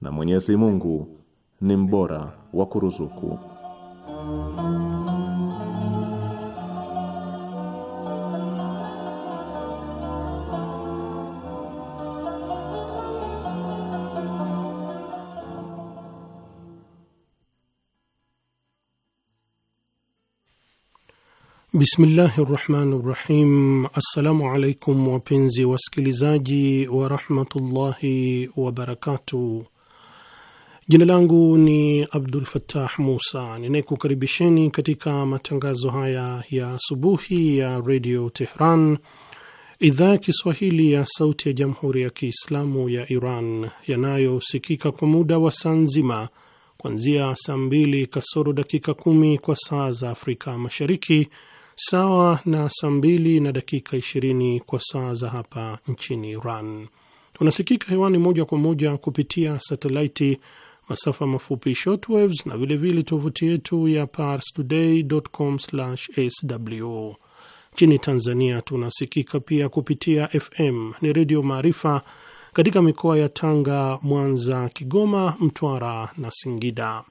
na Mwenyezi Mungu ni mbora wa kuruzuku. Bismillahi rahmani rahim. Assalamu alaikum wapenzi wasikilizaji warahmatullahi wabarakatuh. Jina langu ni Abdul fatah Musa, ninayekukaribisheni katika matangazo haya ya asubuhi ya Redio Tehran, idhaa ya Kiswahili ya sauti ya Jamhuri ya Kiislamu ya Iran, yanayosikika kwa muda wa saa nzima kuanzia saa mbili kasoro dakika kumi kwa saa za Afrika Mashariki, sawa na saa mbili na dakika ishirini kwa saa za hapa nchini Iran. Tunasikika hewani moja kwa moja kupitia satelaiti masafa mafupi shortwaves na vilevile tovuti yetu ya parstoday.com/sw. Nchini Tanzania tunasikika pia kupitia FM ni Redio Maarifa katika mikoa ya Tanga, Mwanza, Kigoma, Mtwara na Singida.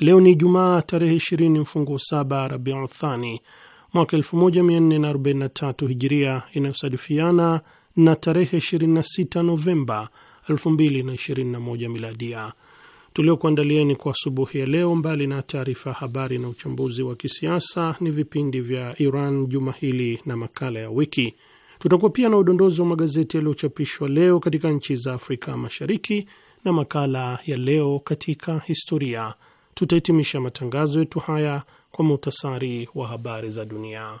Leo ni Jumaa tarehe 20 mfungo 7 Rabiul Thani mwaka 1443 Hijiria, inayosadifiana na tarehe 26 Novemba 2021 miladia tuliokuandalieni kwa asubuhi ya leo, mbali na taarifa ya habari na uchambuzi wa kisiasa, ni vipindi vya Iran juma hili na makala ya wiki. Tutakuwa pia na udondozi wa magazeti yaliyochapishwa leo katika nchi za Afrika Mashariki na makala ya leo katika historia. Tutahitimisha matangazo yetu haya kwa muhtasari wa habari za dunia.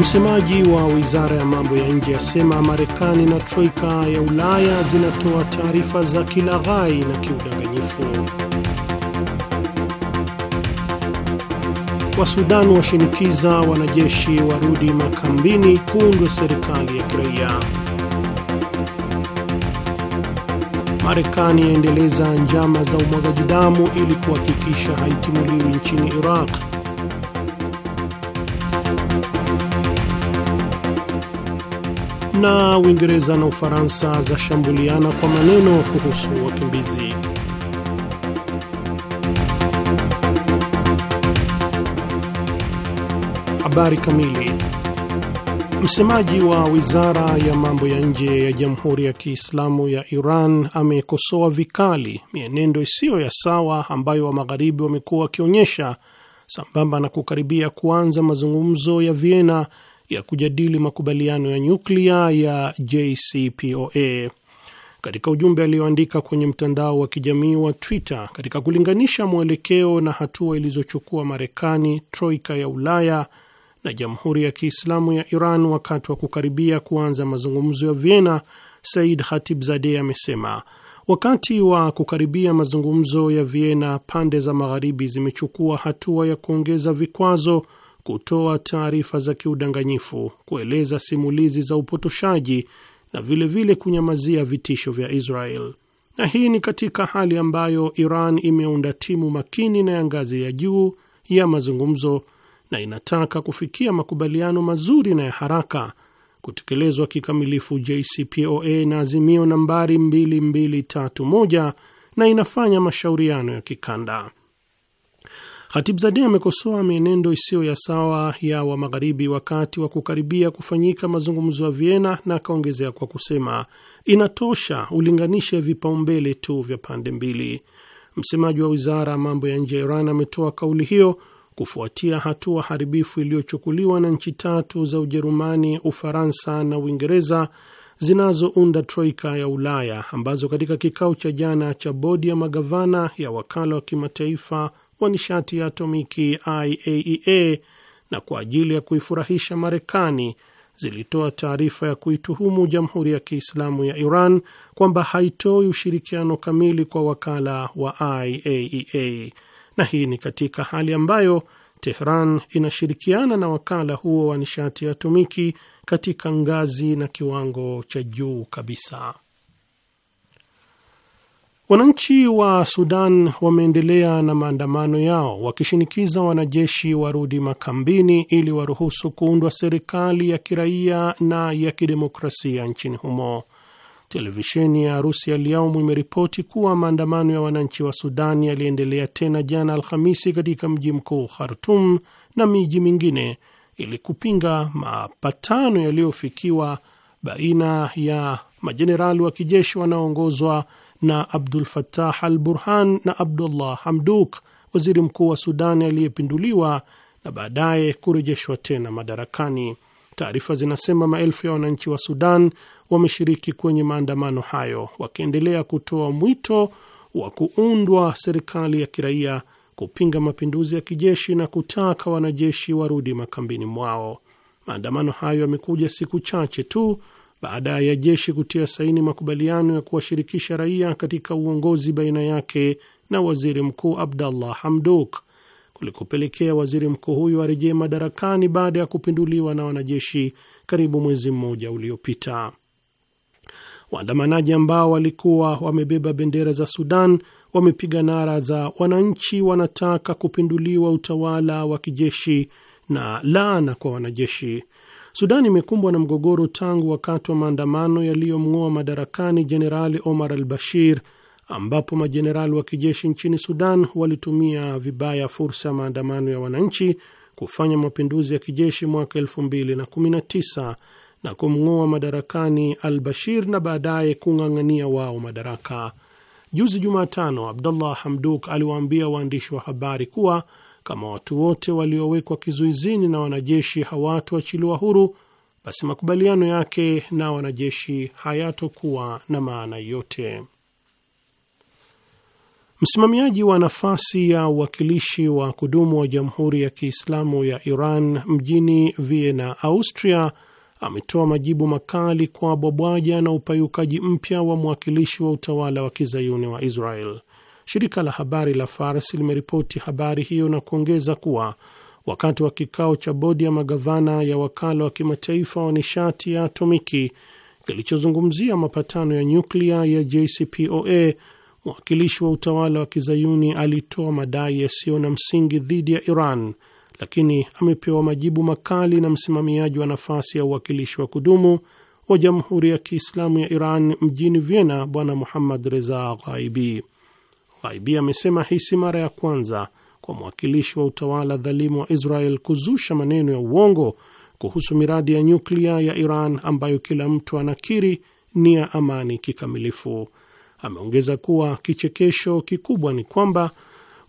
Msemaji wa wizara ya mambo ya nje asema Marekani na troika ya Ulaya zinatoa taarifa za kilaghai na kiudanganyifu. Wasudan washinikiza wanajeshi warudi makambini kuundwe serikali ya kiraia. Marekani yaendeleza njama za umwagaji damu ili kuhakikisha haitimuliwi nchini Iraq. na Uingereza na Ufaransa zashambuliana kwa maneno kuhusu wakimbizi. Habari kamili. Msemaji wa wizara ya mambo ya nje ya Jamhuri ya Kiislamu ya Iran amekosoa vikali mienendo isiyo ya sawa ambayo wa magharibi wamekuwa wakionyesha sambamba na kukaribia kuanza mazungumzo ya Vienna ya kujadili makubaliano ya nyuklia ya JCPOA. Katika ujumbe aliyoandika kwenye mtandao wa kijamii wa Twitter, katika kulinganisha mwelekeo na hatua ilizochukua Marekani, troika ya Ulaya na Jamhuri ya Kiislamu ya Iran wakati wa kukaribia kuanza mazungumzo ya Vienna, Said zade amesema wakati wa kukaribia mazungumzo ya Vienna, pande za Magharibi zimechukua hatua ya kuongeza vikwazo kutoa taarifa za kiudanganyifu, kueleza simulizi za upotoshaji na vilevile vile kunyamazia vitisho vya Israel. Na hii ni katika hali ambayo Iran imeunda timu makini na ya ngazi ya juu ya mazungumzo na inataka kufikia makubaliano mazuri na ya haraka kutekelezwa kikamilifu JCPOA na azimio nambari 2231 na inafanya mashauriano ya kikanda. Khatibzadeh amekosoa mienendo isiyo ya sawa ya wa Magharibi wakati wa kukaribia kufanyika mazungumzo ya Vienna na akaongezea kwa kusema, inatosha ulinganishe vipaumbele tu vya pande mbili. Msemaji wa wizara ya mambo ya nje ya Iran ametoa kauli hiyo kufuatia hatua haribifu iliyochukuliwa na nchi tatu za Ujerumani, Ufaransa na Uingereza zinazounda troika ya Ulaya ambazo katika kikao cha jana cha bodi ya magavana ya wakala wa kimataifa wa nishati ya atomiki IAEA e na kwa ajili ya kuifurahisha Marekani zilitoa taarifa ya kuituhumu Jamhuri ya Kiislamu ya Iran kwamba haitoi ushirikiano kamili kwa wakala wa IAEA, e na hii ni katika hali ambayo Tehran inashirikiana na wakala huo wa nishati ya atomiki katika ngazi na kiwango cha juu kabisa. Wananchi wa Sudan wameendelea na maandamano yao wakishinikiza wanajeshi warudi makambini ili waruhusu kuundwa serikali ya kiraia na ya kidemokrasia nchini humo. Televisheni ya Arusi aliaumu imeripoti kuwa maandamano ya wananchi wa Sudan yaliendelea tena jana Alhamisi katika mji mkuu Khartum na miji mingine ili kupinga mapatano yaliyofikiwa baina ya majenerali wa kijeshi wanaoongozwa na Abdul fatah al Burhan na Abdullah Hamduk, waziri mkuu wa Sudani aliyepinduliwa na baadaye kurejeshwa tena madarakani. Taarifa zinasema maelfu ya wananchi wa Sudan wameshiriki kwenye maandamano hayo, wakiendelea kutoa mwito wa kuundwa serikali ya kiraia, kupinga mapinduzi ya kijeshi na kutaka wanajeshi warudi makambini mwao. Maandamano hayo yamekuja siku chache tu baada ya jeshi kutia saini makubaliano ya kuwashirikisha raia katika uongozi baina yake na waziri mkuu Abdallah Hamdok kulikopelekea waziri mkuu huyo arejee madarakani baada ya kupinduliwa na wanajeshi karibu mwezi mmoja uliopita. Waandamanaji ambao walikuwa wamebeba bendera za Sudan wamepiga nara za wananchi wanataka kupinduliwa utawala wa kijeshi na laana kwa wanajeshi. Sudan imekumbwa na mgogoro tangu wakati wa maandamano yaliyomng'oa madarakani Jenerali Omar al Bashir, ambapo majenerali wa kijeshi nchini Sudan walitumia vibaya fursa ya maandamano ya wananchi kufanya mapinduzi ya kijeshi mwaka 2019 na kumng'oa madarakani al Bashir na baadaye kung'ang'ania wao madaraka. Juzi Jumatano, Abdullah Hamduk aliwaambia waandishi wa habari kuwa kama watu wote waliowekwa kizuizini na wanajeshi hawatoachiliwa huru, basi makubaliano yake na wanajeshi hayatokuwa na maana yote. Msimamiaji wa nafasi ya uwakilishi wa kudumu wa Jamhuri ya Kiislamu ya Iran mjini Vienna, Austria, ametoa majibu makali kwa bwabwaja na upayukaji mpya wa mwakilishi wa utawala wa kizayuni wa Israel. Shirika la habari la Fars limeripoti habari hiyo na kuongeza kuwa wakati wa kikao cha bodi ya magavana ya wakala wa kimataifa wa nishati ya atomiki kilichozungumzia mapatano ya nyuklia ya JCPOA, mwakilishi wa utawala wa kizayuni alitoa madai yasiyo na msingi dhidi ya Iran, lakini amepewa majibu makali na msimamiaji wa nafasi ya uwakilishi wa kudumu wa Jamhuri ya Kiislamu ya Iran mjini Vienna, Bwana Muhammad Reza Ghaibi. Ghaibi amesema hii si mara ya kwanza kwa mwakilishi wa utawala dhalimu wa Israel kuzusha maneno ya uongo kuhusu miradi ya nyuklia ya Iran ambayo kila mtu anakiri ni ya amani kikamilifu. Ameongeza kuwa kichekesho kikubwa ni kwamba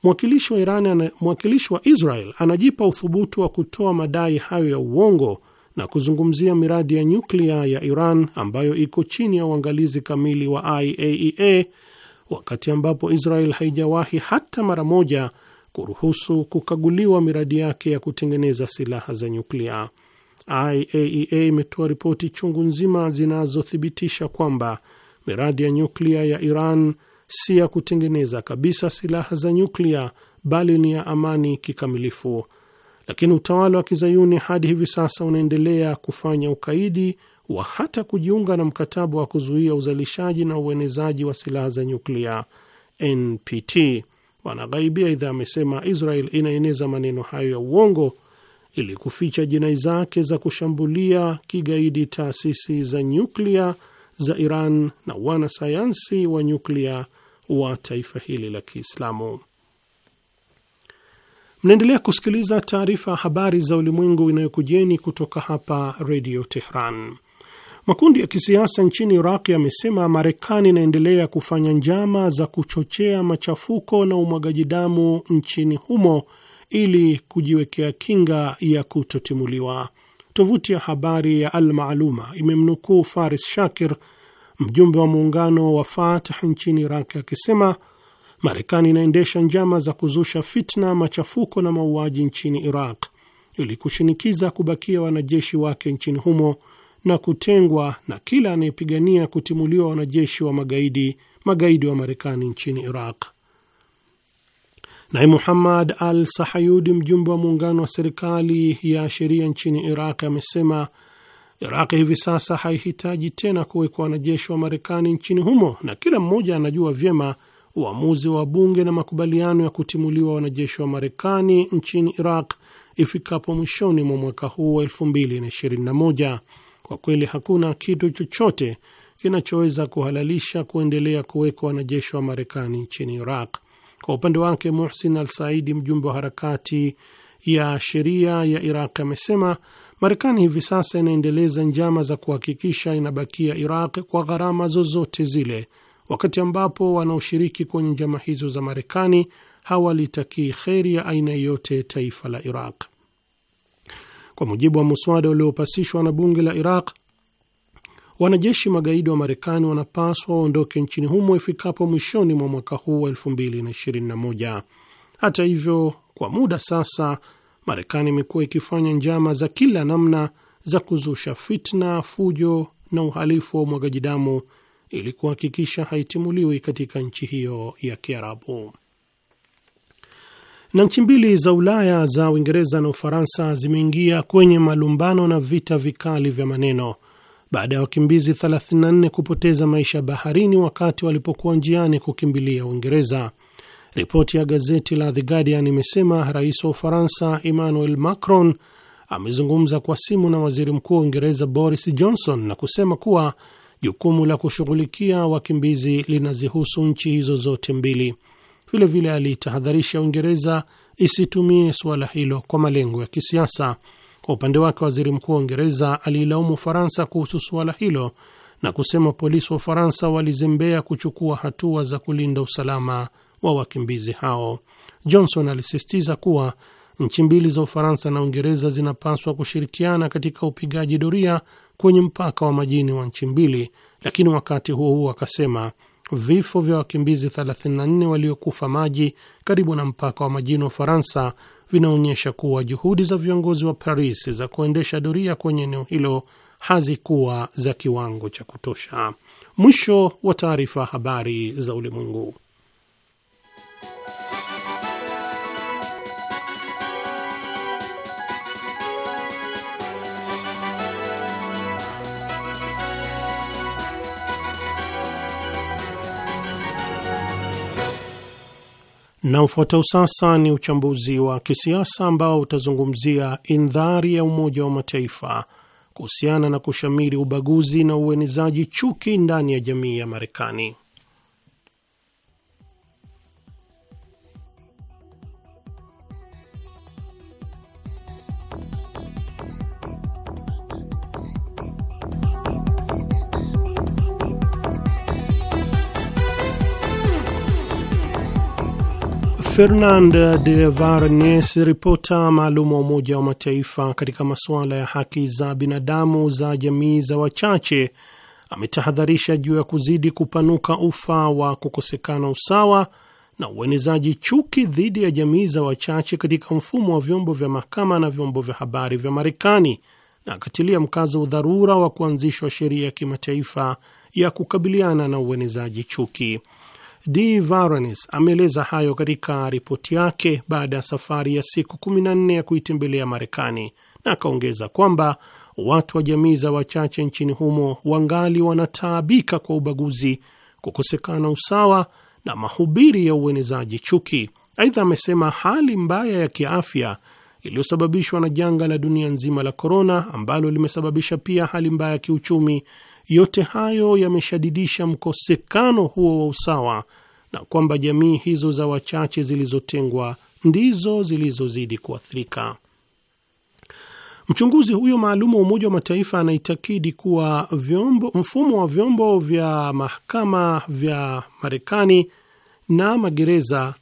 mwakilishi wa Iran, mwakilishi wa Israel anajipa uthubutu wa kutoa madai hayo ya uongo na kuzungumzia miradi ya nyuklia ya Iran ambayo iko chini ya uangalizi kamili wa IAEA e wakati ambapo Israel haijawahi hata mara moja kuruhusu kukaguliwa miradi yake ya kutengeneza silaha za nyuklia. IAEA e imetoa ripoti chungu nzima zinazothibitisha kwamba miradi ya nyuklia ya Iran si ya kutengeneza kabisa silaha za nyuklia bali ni ya amani kikamilifu, lakini utawala wa kizayuni hadi hivi sasa unaendelea kufanya ukaidi wa hata kujiunga na mkataba wa kuzuia uzalishaji na uenezaji wa silaha za nyuklia NPT. Bwana Ghaibi aidha amesema Israel inaeneza maneno hayo ya uongo ili kuficha jinai zake za kushambulia kigaidi taasisi za nyuklia za Iran na wanasayansi wa nyuklia wa taifa hili la Kiislamu. Mnaendelea kusikiliza taarifa ya habari za ulimwengu inayokujeni kutoka hapa Redio Tehran. Makundi ya kisiasa nchini Iraq yamesema Marekani inaendelea kufanya njama za kuchochea machafuko na umwagaji damu nchini humo ili kujiwekea kinga ya kutotimuliwa. Tovuti ya habari ya Almaaluma imemnukuu Faris Shakir, mjumbe wa muungano wa Fatah nchini Iraq, akisema Marekani inaendesha njama za kuzusha fitna, machafuko na mauaji nchini Iraq ili kushinikiza kubakia wanajeshi wake nchini humo na kutengwa na kila anayepigania kutimuliwa wanajeshi wa magaidi magaidi wa Marekani nchini Iraq. Naye Muhammad al Sahayudi, mjumbe wa muungano wa serikali ya sheria nchini Iraq, amesema Iraq hivi sasa haihitaji tena kuwekwa wanajeshi wa Marekani nchini humo, na kila mmoja anajua vyema uamuzi wa bunge na makubaliano ya kutimuliwa wanajeshi wa Marekani nchini Iraq ifikapo mwishoni mwa mwaka huu wa 2021. Kwa kweli hakuna kitu chochote kinachoweza kuhalalisha kuendelea kuwekwa wanajeshi wa Marekani nchini Iraq. Kwa upande wake, Muhsin Al Saidi, mjumbe wa harakati ya sheria ya Iraq, amesema Marekani hivi sasa inaendeleza njama za kuhakikisha inabakia Iraq kwa gharama zozote zile, wakati ambapo wanaoshiriki kwenye njama hizo za Marekani hawalitakii kheri ya aina yeyote taifa la Iraq. Kwa mujibu wa muswada uliopasishwa na bunge la Iraq, wanajeshi magaidi wa Marekani wanapaswa waondoke nchini humo ifikapo mwishoni mwa mwaka huu wa 2021. Hata hivyo, kwa muda sasa Marekani imekuwa ikifanya njama za kila namna za kuzusha fitna, fujo na uhalifu wa umwagaji damu ili kuhakikisha haitimuliwi katika nchi hiyo ya Kiarabu na nchi mbili za Ulaya za Uingereza na Ufaransa zimeingia kwenye malumbano na vita vikali vya maneno baada ya wakimbizi 34 kupoteza maisha baharini wakati walipokuwa njiani kukimbilia Uingereza. Ripoti ya gazeti la The Guardian imesema rais wa Ufaransa Emmanuel Macron amezungumza kwa simu na waziri mkuu wa Uingereza Boris Johnson na kusema kuwa jukumu la kushughulikia wakimbizi linazihusu nchi hizo zote mbili. Vilevile alitahadharisha Uingereza isitumie suala hilo kwa malengo ya kisiasa. Kwa upande wake, waziri mkuu wa Uingereza aliilaumu Ufaransa kuhusu suala hilo na kusema polisi wa Ufaransa walizembea kuchukua hatua za kulinda usalama wa wakimbizi hao. Johnson alisisitiza kuwa nchi mbili za Ufaransa na Uingereza zinapaswa kushirikiana katika upigaji doria kwenye mpaka wa majini wa nchi mbili, lakini wakati huo huo akasema vifo vya wakimbizi 34 waliokufa maji karibu na mpaka wa majini wa Faransa vinaonyesha kuwa juhudi za viongozi wa Paris za kuendesha doria kwenye eneo hilo hazikuwa za kiwango cha kutosha. Mwisho wa taarifa. Habari za Ulimwengu. Na ufuatao sasa ni uchambuzi wa kisiasa ambao utazungumzia indhari ya Umoja wa Mataifa kuhusiana na kushamiri ubaguzi na uenezaji chuki ndani ya jamii ya Marekani. Fernand de Varnes, ripota maalum wa Umoja wa Mataifa katika masuala ya haki za binadamu za jamii za wachache, ametahadharisha juu ya kuzidi kupanuka ufa wa kukosekana usawa na uenezaji chuki dhidi ya jamii za wachache katika mfumo wa vyombo vya mahakama na vyombo vya habari vya Marekani, na akatilia mkazo udharura wa kuanzishwa sheria ya kimataifa ya kukabiliana na uenezaji chuki. D Varanis ameeleza hayo katika ripoti yake baada ya safari ya siku 14 ya kuitembelea Marekani, na akaongeza kwamba watu wa jamii za wachache nchini humo wangali wanataabika kwa ubaguzi, kukosekana usawa na mahubiri ya uenezaji chuki. Aidha, amesema hali mbaya ya kiafya iliyosababishwa na janga la dunia nzima la korona ambalo limesababisha pia hali mbaya ya kiuchumi, yote hayo yameshadidisha mkosekano huo wa usawa na kwamba jamii hizo za wachache zilizotengwa ndizo zilizozidi kuathirika. Mchunguzi huyo maalumu wa Umoja wa Mataifa anaitakidi kuwa vyombo, mfumo wa vyombo vya mahakama vya Marekani na magereza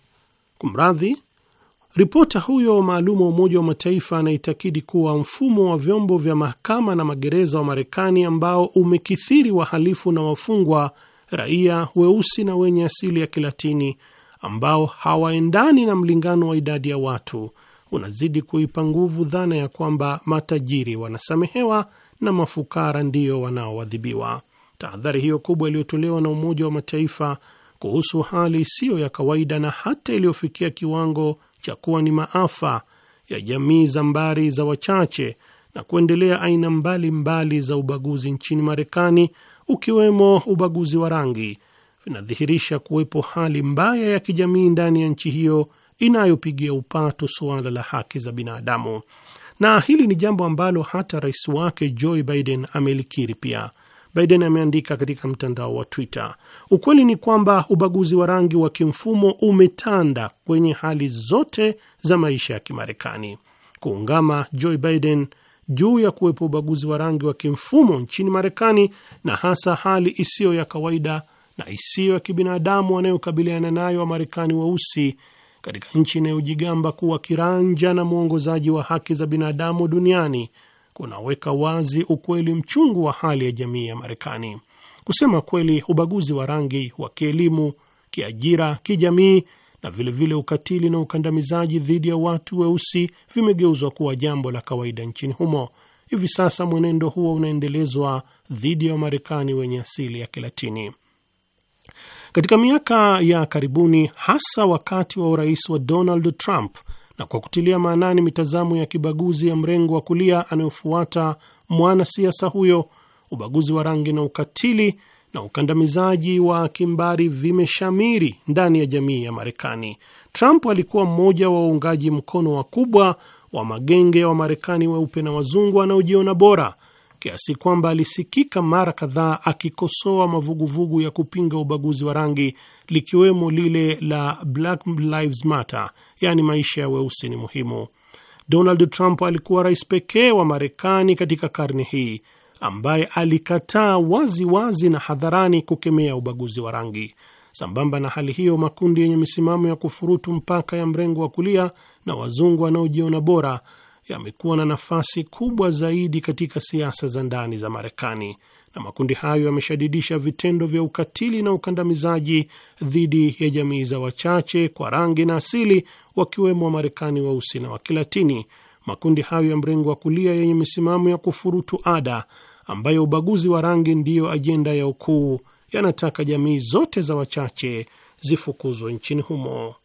kumradhi, ripota huyo maalum wa Umoja wa Mataifa anaitakidi kuwa mfumo wa vyombo vya mahakama na magereza wa Marekani ambao umekithiri wahalifu na wafungwa raia weusi na wenye asili ya Kilatini ambao hawaendani na mlingano wa idadi ya watu unazidi kuipa nguvu dhana ya kwamba matajiri wanasamehewa na mafukara ndiyo wanaoadhibiwa. Tahadhari hiyo kubwa iliyotolewa na Umoja wa Mataifa kuhusu hali isiyo ya kawaida na hata iliyofikia kiwango cha kuwa ni maafa ya jamii za mbari za wachache na kuendelea aina mbalimbali mbali za ubaguzi nchini Marekani ukiwemo ubaguzi wa rangi, vinadhihirisha kuwepo hali mbaya ya kijamii ndani ya nchi hiyo inayopigia upato suala la haki za binadamu, na hili ni jambo ambalo hata rais wake Joe Biden amelikiri pia. Biden ameandika katika mtandao wa Twitter, ukweli ni kwamba ubaguzi wa rangi wa kimfumo umetanda kwenye hali zote za maisha ya Kimarekani. Kuungama Joe Biden juu ya kuwepo ubaguzi wa rangi wa kimfumo nchini Marekani na hasa hali isiyo ya kawaida na isiyo ya kibinadamu wanayokabiliana nayo Wamarekani weusi wa katika nchi inayojigamba kuwa kiranja na mwongozaji wa haki za binadamu duniani kunaweka wazi ukweli mchungu wa hali ya jamii ya Marekani. Kusema kweli, ubaguzi wa rangi wa kielimu, kiajira, kijamii na vilevile vile ukatili na ukandamizaji dhidi ya watu weusi vimegeuzwa kuwa jambo la kawaida nchini humo. Hivi sasa mwenendo huo unaendelezwa dhidi ya Wamarekani wenye asili ya Kilatini. Katika miaka ya karibuni, hasa wakati wa urais wa Donald Trump na kwa kutilia maanani mitazamo ya kibaguzi ya mrengo wa kulia anayofuata mwanasiasa huyo, ubaguzi wa rangi na ukatili na ukandamizaji wa kimbari vimeshamiri ndani ya jamii ya Marekani. Trump alikuwa mmoja wa waungaji mkono wakubwa wa magenge ya Wamarekani weupe na wazungu wanaojiona bora kiasi kwamba alisikika mara kadhaa akikosoa mavuguvugu ya kupinga ubaguzi wa rangi likiwemo lile la Black Lives Matter, yaani maisha ya weusi ni muhimu. Donald Trump alikuwa rais pekee wa Marekani katika karne hii ambaye alikataa wazi wazi na hadharani kukemea ubaguzi wa rangi. Sambamba na hali hiyo, makundi yenye misimamo ya kufurutu mpaka ya mrengo wa kulia na wazungu wanaojiona bora yamekuwa na nafasi kubwa zaidi katika siasa za ndani za Marekani, na makundi hayo yameshadidisha vitendo vya ukatili na ukandamizaji dhidi ya jamii za wachache kwa rangi na asili, wakiwemo Wamarekani weusi na Wakilatini. Makundi hayo ya mrengo wa kulia yenye misimamo ya kufurutu ada ambayo ubaguzi wa rangi ndiyo ajenda ya ukuu, yanataka jamii zote za wachache zifukuzwe nchini humo.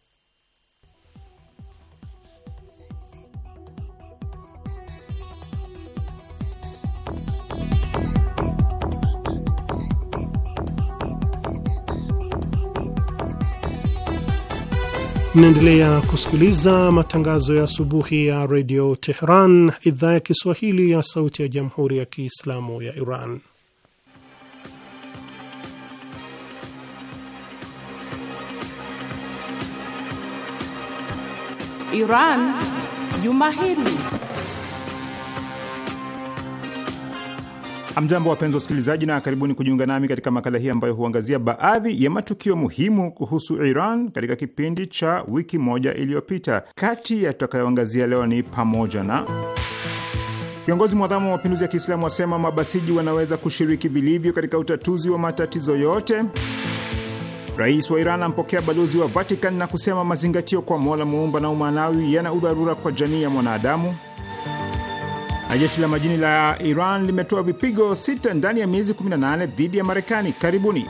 Mnaendelea kusikiliza matangazo ya asubuhi ya redio Tehran, idhaa ya Kiswahili ya sauti ya jamhuri ya Kiislamu ya Iran. Iran Juma Hili. Amjambo, wapenzi wasikilizaji, na karibuni kujiunga nami katika makala hii ambayo huangazia baadhi ya matukio muhimu kuhusu Iran katika kipindi cha wiki moja iliyopita. Kati ya tutakayoangazia leo ni pamoja na Viongozi mwadhamu wa mapinduzi ya Kiislamu wasema mabasiji wanaweza kushiriki vilivyo katika utatuzi wa matatizo yote. Rais wa Iran ampokea balozi wa Vatican na kusema mazingatio kwa Mola muumba na umanawi yana udharura kwa jamii ya mwanadamu na jeshi la majini la Iran limetoa vipigo sita ndani ya miezi 18 dhidi ya Marekani. Karibuni.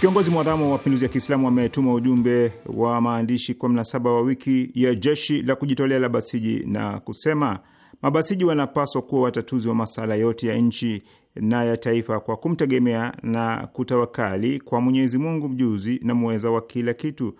Kiongozi mwadhamu wa mapinduzi ya Kiislamu wametuma ujumbe wa maandishi kwa mnasaba wa wiki ya jeshi la kujitolea la Basiji na kusema mabasiji wanapaswa kuwa watatuzi wa masala yote ya nchi na ya taifa kwa kumtegemea na kutawakali kwa Mwenyezi Mungu mjuzi na mweza wa kila kitu.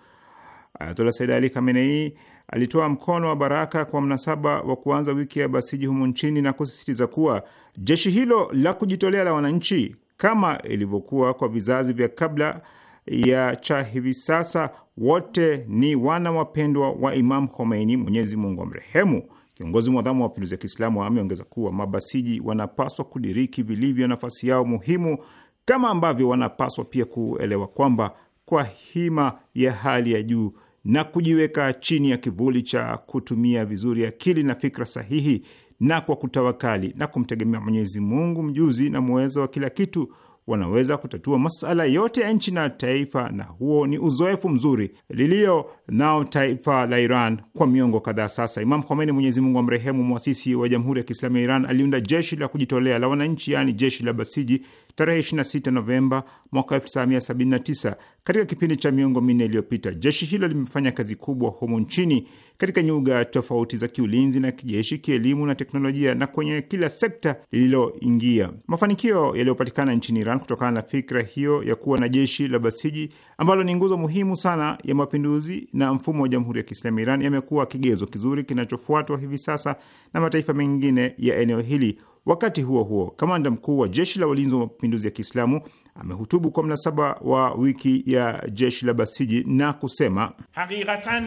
Ayatola Said Ali Khamenei alitoa mkono wa baraka kwa mnasaba wa kuanza wiki ya Basiji humo nchini na kusisitiza kuwa jeshi hilo la kujitolea la wananchi, kama ilivyokuwa kwa vizazi vya kabla ya cha hivi sasa, wote ni wana wapendwa wa Imam Khomeini, Mwenyezi Mungu amrehemu. Kiongozi mwadhamu wa mapinduzi ya Kiislamu ameongeza kuwa mabasiji wanapaswa kudiriki vilivyo nafasi yao muhimu, kama ambavyo wanapaswa pia kuelewa kwamba kwa hima ya hali ya juu na kujiweka chini ya kivuli cha kutumia vizuri akili na fikra sahihi na kwa kutawakali na kumtegemea Mwenyezi Mungu mjuzi na mweza wa kila kitu, wanaweza kutatua masala yote ya nchi na taifa, na huo ni uzoefu mzuri lilio nao taifa la Iran kwa miongo kadhaa sasa. Imam Khomeini, Mwenyezi Mungu amrehemu, mwasisi wa Jamhuri ya Kiislamu ya Iran, aliunda jeshi la kujitolea la wananchi, yaani jeshi la Basiji tarehe 26 Novemba mwaka 1979. Katika kipindi cha miongo minne iliyopita, jeshi hilo limefanya kazi kubwa humu nchini katika nyuga tofauti za kiulinzi na kijeshi, kielimu na teknolojia, na kwenye kila sekta lililoingia. Mafanikio yaliyopatikana nchini Iran kutokana na fikra hiyo ya kuwa na jeshi la basiji ambalo ni nguzo muhimu sana ya mapinduzi na mfumo wa Jamhuri ya Kiislamu Iran yamekuwa kigezo kizuri kinachofuatwa hivi sasa na mataifa mengine ya eneo hili Wakati huo huo, kamanda mkuu wa jeshi la walinzi wa mapinduzi ya Kiislamu amehutubu kwa mnasaba wa wiki ya jeshi la Basiji na kusema hakikatan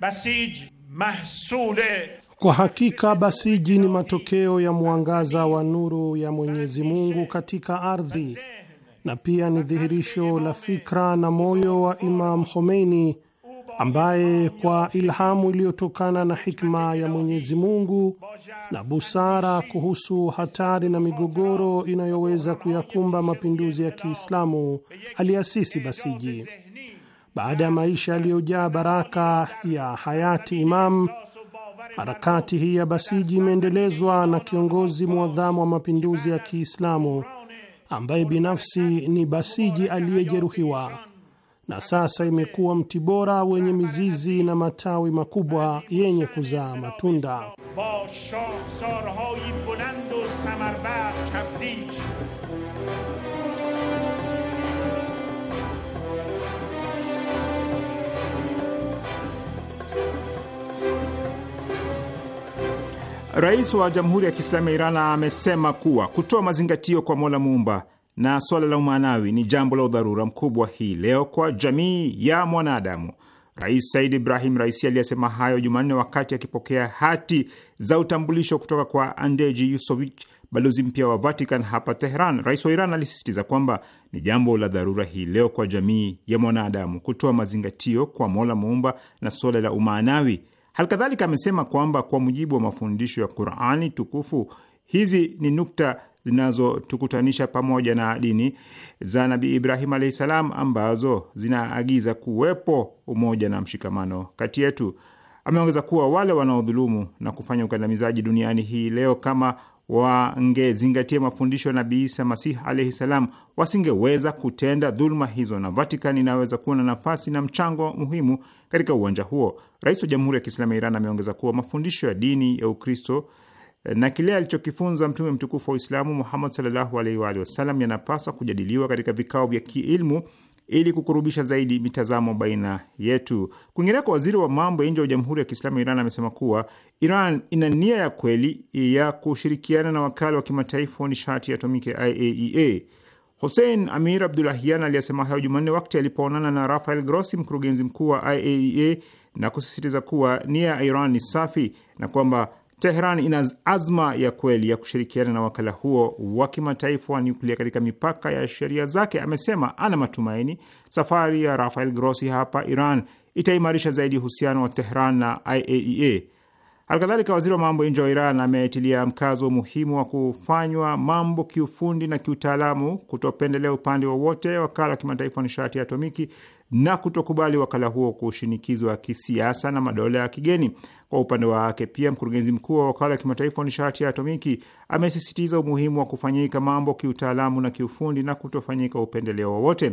Basij mahsule kwa hakika Basiji ni matokeo ya mwangaza wa nuru ya Mwenyezi Mungu katika ardhi na pia ni dhihirisho la fikra na moyo wa Imam Khomeini ambaye kwa ilhamu iliyotokana na hikma ya Mwenyezi Mungu na busara kuhusu hatari na migogoro inayoweza kuyakumba mapinduzi ya Kiislamu aliasisi Basiji. Baada ya maisha yaliyojaa baraka ya hayati Imam, harakati hii ya Basiji imeendelezwa na kiongozi mwadhamu wa mapinduzi ya Kiislamu ambaye binafsi ni Basiji aliyejeruhiwa na sasa imekuwa mti bora wenye mizizi na matawi makubwa yenye kuzaa matunda. Rais wa Jamhuri ya Kiislamu ya Iran amesema kuwa kutoa mazingatio kwa Mola Muumba na swala la umaanawi ni jambo la udharura mkubwa hii leo kwa jamii ya mwanadamu. Rais Said Ibrahim Raisi aliyesema hayo Jumanne wakati akipokea hati za utambulisho kutoka kwa Andeji Yusovich, balozi mpya wa Vatican hapa Tehran. Rais wa Iran alisisitiza kwamba ni jambo la dharura hii leo kwa jamii ya mwanadamu kutoa mazingatio kwa Mola Muumba na swala la umaanawi. Halikadhalika amesema kwamba kwa mujibu wa mafundisho ya Qurani tukufu hizi ni nukta zinazotukutanisha pamoja na dini za Nabii Ibrahim alahi salam, ambazo zinaagiza kuwepo umoja na mshikamano kati yetu. Ameongeza kuwa wale wanaodhulumu na kufanya ukandamizaji duniani hii leo kama wangezingatia mafundisho ya Nabii Isa Masih alaihi salam, wasingeweza kutenda dhuluma hizo, na Vatican inaweza kuwa na nafasi na mchango muhimu katika uwanja huo. Rais wa Jamhuri ya Kiislamu ya Iran ameongeza kuwa mafundisho ya dini ya Ukristo na kile alichokifunza Mtume mtukufu wa Uislamu Muhammad sallallahu alaihi wa alihi wasallam yanapaswa kujadiliwa katika vikao vya kiilmu ili kukurubisha zaidi mitazamo baina yetu. Kwingineko, waziri wa mambo ya nje wa Jamhuri ya Kiislamu ya Iran amesema kuwa Iran ina nia ya kweli ya kushirikiana na wakala wa kimataifa wa nishati ya atomiki IAEA. E Hussein Amir Abdulahian aliyesema hayo Jumanne wakati alipoonana na Rafael Grossi, mkurugenzi mkuu wa IAEA, e na kusisitiza kuwa nia ya Iran ni safi na kwamba Teheran ina azma ya kweli ya kushirikiana na wakala huo wa kimataifa wa nyuklia katika mipaka ya sheria zake. Amesema ana matumaini safari ya Rafael Grossi hapa Iran itaimarisha zaidi uhusiano wa Teheran na IAEA. E Halikadhalika, waziri wa mambo ya nje wa Iran ametilia mkazo umuhimu wa kufanywa mambo kiufundi na kiutaalamu, kutopendelea upande wowote wakala wa kimataifa wa nishati ya atomiki na kutokubali wakala huo kushinikizwa kisiasa na madola ya kigeni. Kwa upande wake pia mkurugenzi mkuu wa wakala wa kimataifa wa nishati ya atomiki amesisitiza umuhimu wa kufanyika mambo kiutaalamu na kiufundi na kutofanyika upendeleo wowote.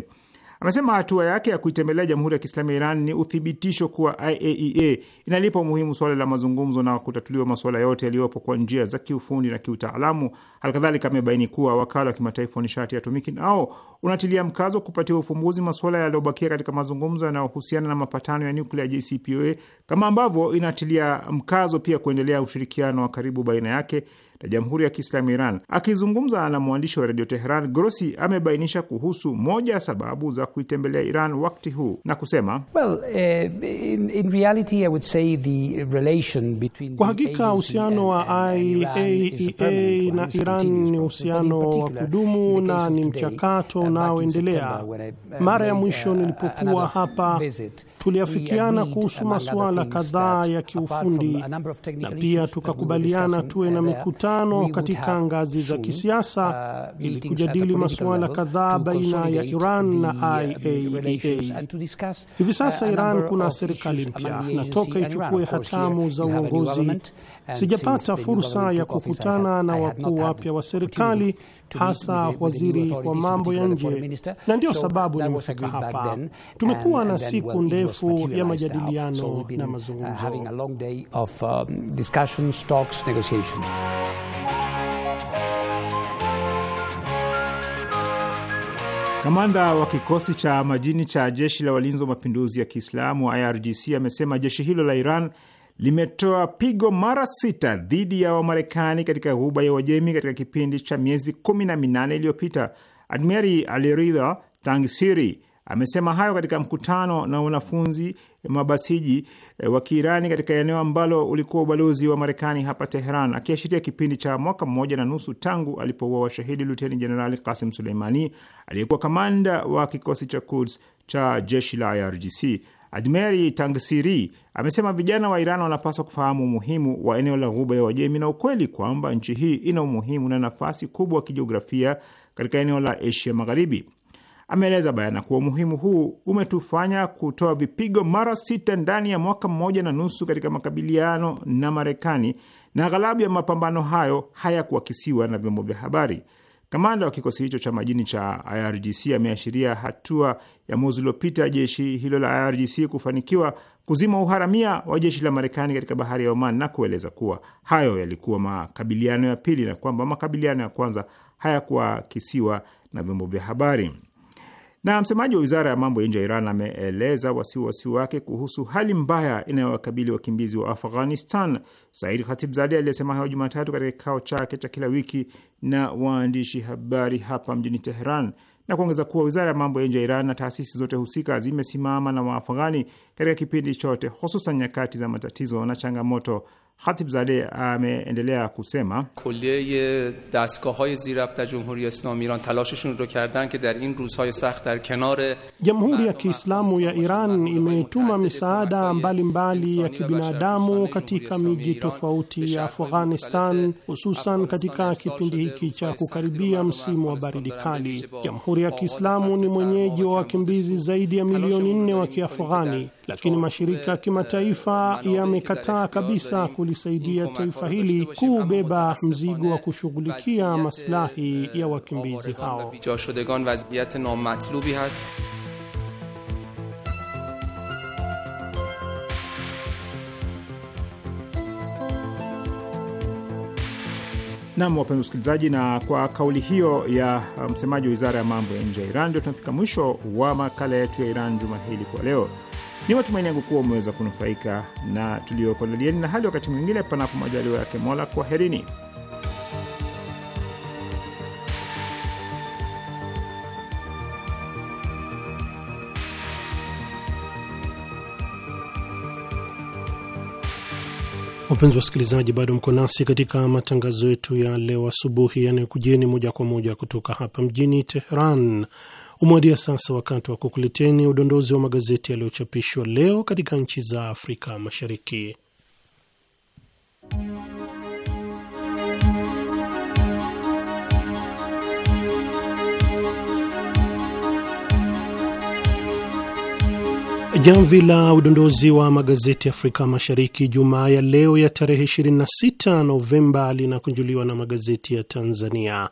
Anasema hatua yake ya kuitembelea Jamhuri ya Kiislamu ya Iran ni uthibitisho kuwa IAEA e inalipa umuhimu suala la mazungumzo na kutatuliwa masuala yote yaliyopo kwa njia za kiufundi na kiutaalamu. Halikadhalika, amebaini kuwa wakala wa kimataifa wa nishati ya atomiki nao unatilia mkazo kupatiwa ufumbuzi masuala yaliyobakia katika mazungumzo yanayohusiana na mapatano ya nuklia JCPOA, kama ambavyo inatilia mkazo pia kuendelea ushirikiano wa karibu baina yake la Jamhuri ya Kiislamu Iran. Akizungumza na mwandishi wa redio Teheran, Grossi amebainisha kuhusu moja ya sababu za kuitembelea Iran wakati huu na kusema well, uh, in, in reality I would say the relation between kwa hakika uhusiano wa IAEA e na Iran ni uhusiano wa kudumu na ni mchakato uh, unaoendelea. Uh, Mara ya mwisho uh, nilipokuwa hapa visit tuliafikiana kuhusu masuala kadhaa ya kiufundi na pia tukakubaliana tuwe na mikutano katika ngazi za kisiasa uh, ili kujadili masuala kadhaa baina ya Iran na uh, IAEA. E Hivi sasa uh, Iran kuna serikali mpya e na toka ichukue hatamu za uongozi, sijapata fursa ya kukutana na wakuu wapya wa serikali hasa waziri wa mambo ya nje, na ndio sababu nimefika hapa. Tumekuwa na siku ndefu marefu ya majadiliano so uh, na mazungumzo. Um, Kamanda wa kikosi cha majini cha jeshi la walinzi wa mapinduzi ya Kiislamu IRGC amesema jeshi hilo la Iran limetoa pigo mara sita dhidi ya Wamarekani katika ghuba ya Uajemi katika kipindi cha miezi kumi na minane iliyopita. admeri Aliridha Tangsiri Amesema hayo katika mkutano na wanafunzi Mabasiji eh, wa Kiirani katika eneo ambalo ulikuwa ubalozi wa Marekani hapa Teheran, akiashiria kipindi cha mwaka mmoja na nusu tangu alipouawa shahidi Luteni Jenerali Kasim Suleimani aliyekuwa kamanda wa kikosi cha Kuds cha jeshi la IRGC. admeri Tangsiri amesema vijana wa Iran wanapaswa kufahamu umuhimu wa eneo la Ghuba ya Uajemi na ukweli kwamba nchi hii ina umuhimu na nafasi kubwa ya kijiografia katika eneo la Asia Magharibi. Ameeleza bayana kuwa umuhimu huu umetufanya kutoa vipigo mara sita ndani ya mwaka mmoja na nusu katika makabiliano na Marekani, na ghalabu ya mapambano hayo hayakuakisiwa na vyombo vya habari. Kamanda wa kikosi hicho cha majini cha IRGC ameashiria hatua ya mwezi uliopita jeshi hilo la IRGC kufanikiwa kuzima uharamia wa jeshi la Marekani katika bahari ya Oman na kueleza kuwa hayo yalikuwa makabiliano ya pili na kwamba makabiliano ya kwanza hayakuakisiwa na vyombo vya habari. Na msemaji wa wizara ya mambo ya nje ya Iran ameeleza wasiwasi wake kuhusu hali mbaya inayowakabili wakimbizi wa Afghanistan. Said Khatibzadeh aliyesema hayo Jumatatu katika kikao chake cha kila wiki na waandishi habari hapa mjini Teheran na kuongeza kuwa wizara ya mambo ya nje ya Iran na taasisi zote husika zimesimama na Waafghani katika kipindi chote, hususan nyakati za matatizo na changamoto hatib zade ameendelea kusema kulie dastgahhay zirabta jumhuri islami iran talasheshun ro kardan ke dar in ruzhay sakht dar kenar Jamhuri ya Kiislamu ya Iran imetuma misaada mbalimbali ya kibinadamu katika miji tofauti ya Afghanistan, hususan katika kipindi hiki cha kukaribia msimu wa baridi kali. Jamhuri ya Kiislamu ni mwenyeji wa wakimbizi zaidi ya milioni nne wa Kiafghani lakini mashirika ya kimataifa yamekataa kabisa kulisaidia taifa hili kubeba mzigo wa kushughulikia maslahi ya wakimbizi hao. Nam, wapenzi wasikilizaji, na kwa kauli hiyo ya um, msemaji wa wizara ya mambo ya nje ya Iran, ndio tunafika mwisho wa makala yetu ya Iran juma hili kwa leo. Ni matumaini yangu kuwa umeweza kunufaika na tuliokuandalieni, na hali wakati mwingine, panapo majaliwa yake Mola, kwaherini. Wapenzi wa wasikilizaji, bado mko nasi katika matangazo yetu ya leo asubuhi yanayokujieni moja kwa moja kutoka hapa mjini Teheran. Umewadia sasa wakati wa kukuleteni udondozi wa magazeti yaliyochapishwa leo katika nchi za Afrika Mashariki. Jamvi la udondozi wa magazeti Afrika Mashariki Jumaa ya leo ya tarehe 26 Novemba linakunjuliwa na magazeti ya Tanzania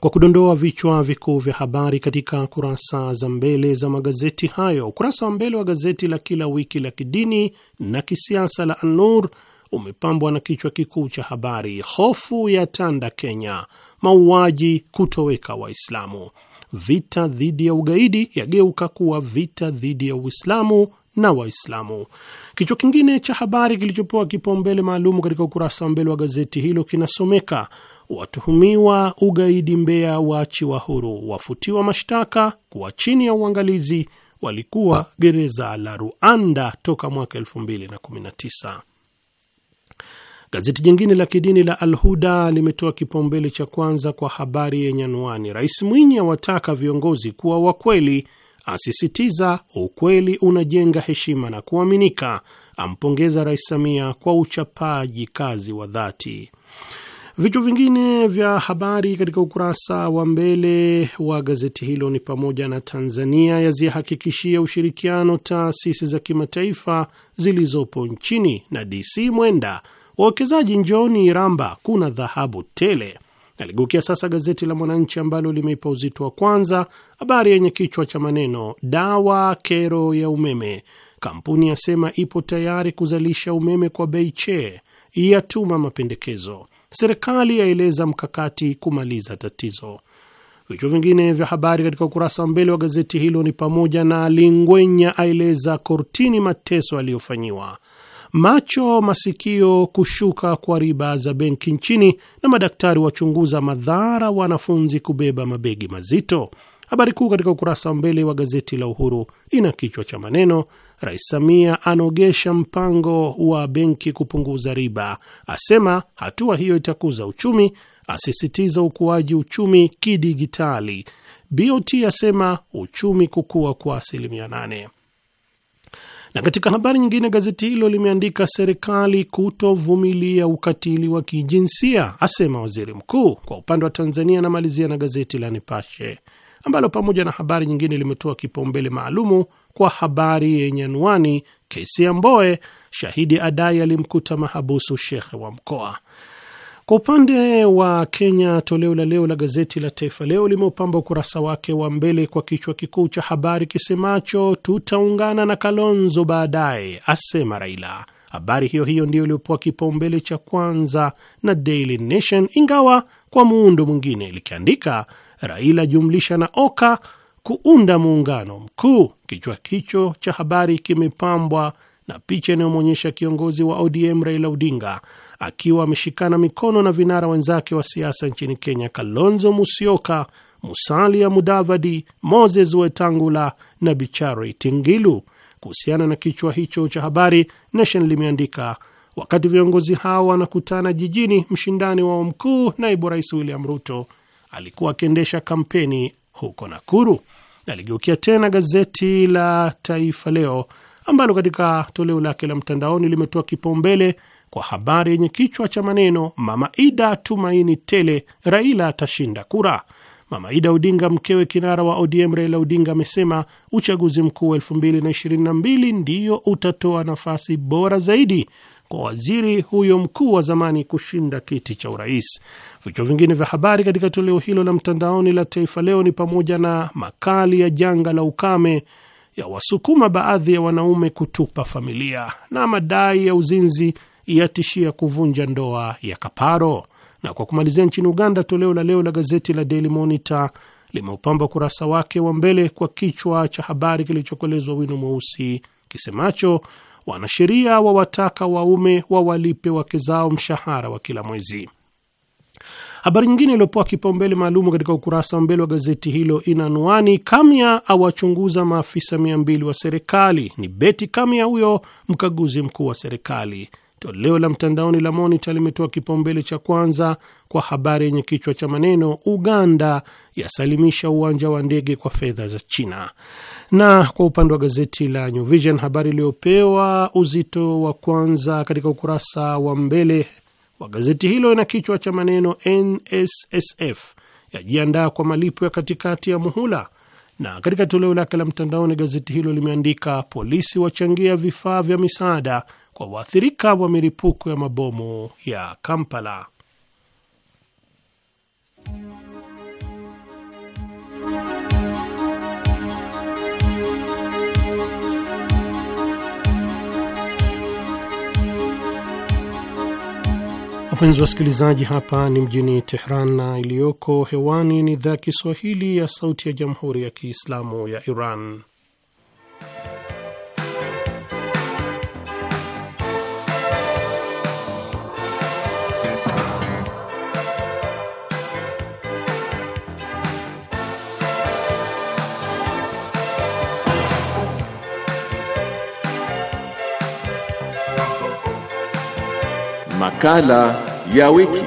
kwa kudondoa vichwa vikuu vya habari katika kurasa za mbele za magazeti hayo. Ukurasa wa mbele wa gazeti la kila wiki la kidini na kisiasa la anur umepambwa na kichwa kikuu cha habari, hofu ya tanda Kenya, mauaji, kutoweka Waislamu, vita dhidi ya ugaidi yageuka kuwa vita dhidi ya Uislamu na Waislamu. Kichwa kingine cha habari kilichopewa kipaumbele maalum katika ukurasa wa mbele wa gazeti hilo kinasomeka watuhumiwa ugaidi Mbeya waachiwa huru, wafutiwa mashtaka kuwa chini ya uangalizi walikuwa gereza la Ruanda toka mwaka 2019. Gazeti jingine la kidini la Al Huda limetoa kipaumbele cha kwanza kwa habari yenye anwani, Rais Mwinyi awataka viongozi kuwa wakweli, asisitiza ukweli unajenga heshima na kuaminika, ampongeza Rais Samia kwa uchapaji kazi wa dhati. Vichwa vingine vya habari katika ukurasa wa mbele wa gazeti hilo ni pamoja na Tanzania yazihakikishia ushirikiano taasisi za kimataifa zilizopo nchini, na DC Mwenda wawekezaji njoni Iramba, kuna dhahabu tele. Aligeukia sasa gazeti la Mwananchi ambalo limeipa uzito wa kwanza habari yenye kichwa cha maneno dawa kero ya umeme, kampuni yasema ipo tayari kuzalisha umeme kwa bei che, yatuma mapendekezo Serikali yaeleza mkakati kumaliza tatizo. Vichwa vingine vya habari katika ukurasa wa mbele wa gazeti hilo ni pamoja na Lingwenya aeleza kortini mateso aliyofanyiwa, macho masikio kushuka kwa riba za benki nchini, na madaktari wachunguza madhara wanafunzi kubeba mabegi mazito. Habari kuu katika ukurasa wa mbele wa gazeti la Uhuru ina kichwa cha maneno Rais Samia anaogesha mpango wa benki kupunguza riba, asema hatua hiyo itakuza uchumi, asisitiza ukuaji uchumi kidigitali. BOT asema uchumi kukua kwa asilimia nane. Na katika habari nyingine, gazeti hilo limeandika serikali kutovumilia ukatili wa kijinsia asema waziri mkuu. Kwa upande wa Tanzania, anamalizia na gazeti la Nipashe ambalo pamoja na habari nyingine limetoa kipaumbele maalumu kwa habari yenye anwani kesi ya Mboe, shahidi adai alimkuta mahabusu shekhe wa mkoa. Kwa upande wa Kenya, toleo la leo la gazeti la Taifa Leo limeupamba ukurasa wake wa mbele kwa kichwa kikuu cha habari kisemacho tutaungana na Kalonzo baadaye, asema Raila. Habari hiyo hiyo ndiyo iliyopoa kipaumbele cha kwanza na Daily Nation, ingawa kwa muundo mwingine likiandika Raila jumlisha na Oka kuunda muungano mkuu. Kichwa hicho cha habari kimepambwa na picha inayomwonyesha kiongozi wa ODM Raila Odinga akiwa ameshikana mikono na vinara wenzake wa siasa nchini Kenya, Kalonzo Musyoka, Musalia Mudavadi, Moses Wetangula na Bichari Tingilu. Kuhusiana na kichwa hicho cha habari, Nation limeandika wakati viongozi hao wanakutana jijini, mshindani wao mkuu naibu rais William Ruto alikuwa akiendesha kampeni huko Nakuru. Aligeukia tena gazeti la Taifa Leo ambalo katika toleo lake la mtandaoni limetoa kipaumbele kwa habari yenye kichwa cha maneno Mama Ida tumaini tele, Raila atashinda kura. Mama Ida Odinga, mkewe kinara wa ODM Raila Odinga, amesema uchaguzi mkuu wa 2022 ndiyo utatoa nafasi bora zaidi kwa waziri huyo mkuu wa zamani kushinda kiti cha urais. Vichwa vingine vya habari katika toleo hilo la mtandaoni la Taifa Leo ni pamoja na makali ya janga la ukame ya wasukuma baadhi ya wanaume kutupa familia, na madai ya uzinzi yatishia kuvunja ndoa ya Kaparo. Na kwa kumalizia, nchini Uganda, toleo la leo la gazeti la Daily Monitor limeupamba ukurasa wake wa mbele kwa kichwa cha habari kilichokolezwa wino mweusi kisemacho Wanasheria wawataka waume wawalipe wake zao mshahara wa kila mwezi. Habari nyingine iliyopewa kipaumbele maalum katika ukurasa wa mbele wa gazeti hilo ina anwani, Kamya awachunguza maafisa mia mbili wa serikali. Ni Beti Kamya huyo mkaguzi mkuu wa serikali. Toleo la mtandaoni la Monita limetoa kipaumbele cha kwanza kwa habari yenye kichwa cha maneno Uganda yasalimisha uwanja wa ndege kwa fedha za China. Na kwa upande wa gazeti la New Vision, habari iliyopewa uzito wa kwanza katika ukurasa wa mbele wa gazeti hilo ina kichwa cha maneno NSSF yajiandaa kwa malipo ya katikati ya muhula. Na katika toleo lake la mtandaoni gazeti hilo limeandika polisi wachangia vifaa vya misaada kwa waathirika wa milipuko ya mabomu ya Kampala. Wapenzi wasikilizaji, hapa ni mjini Tehran na iliyoko hewani ni idhaa Kiswahili ya Sauti ya Jamhuri ya Kiislamu ya Iran. Makala ya wiki.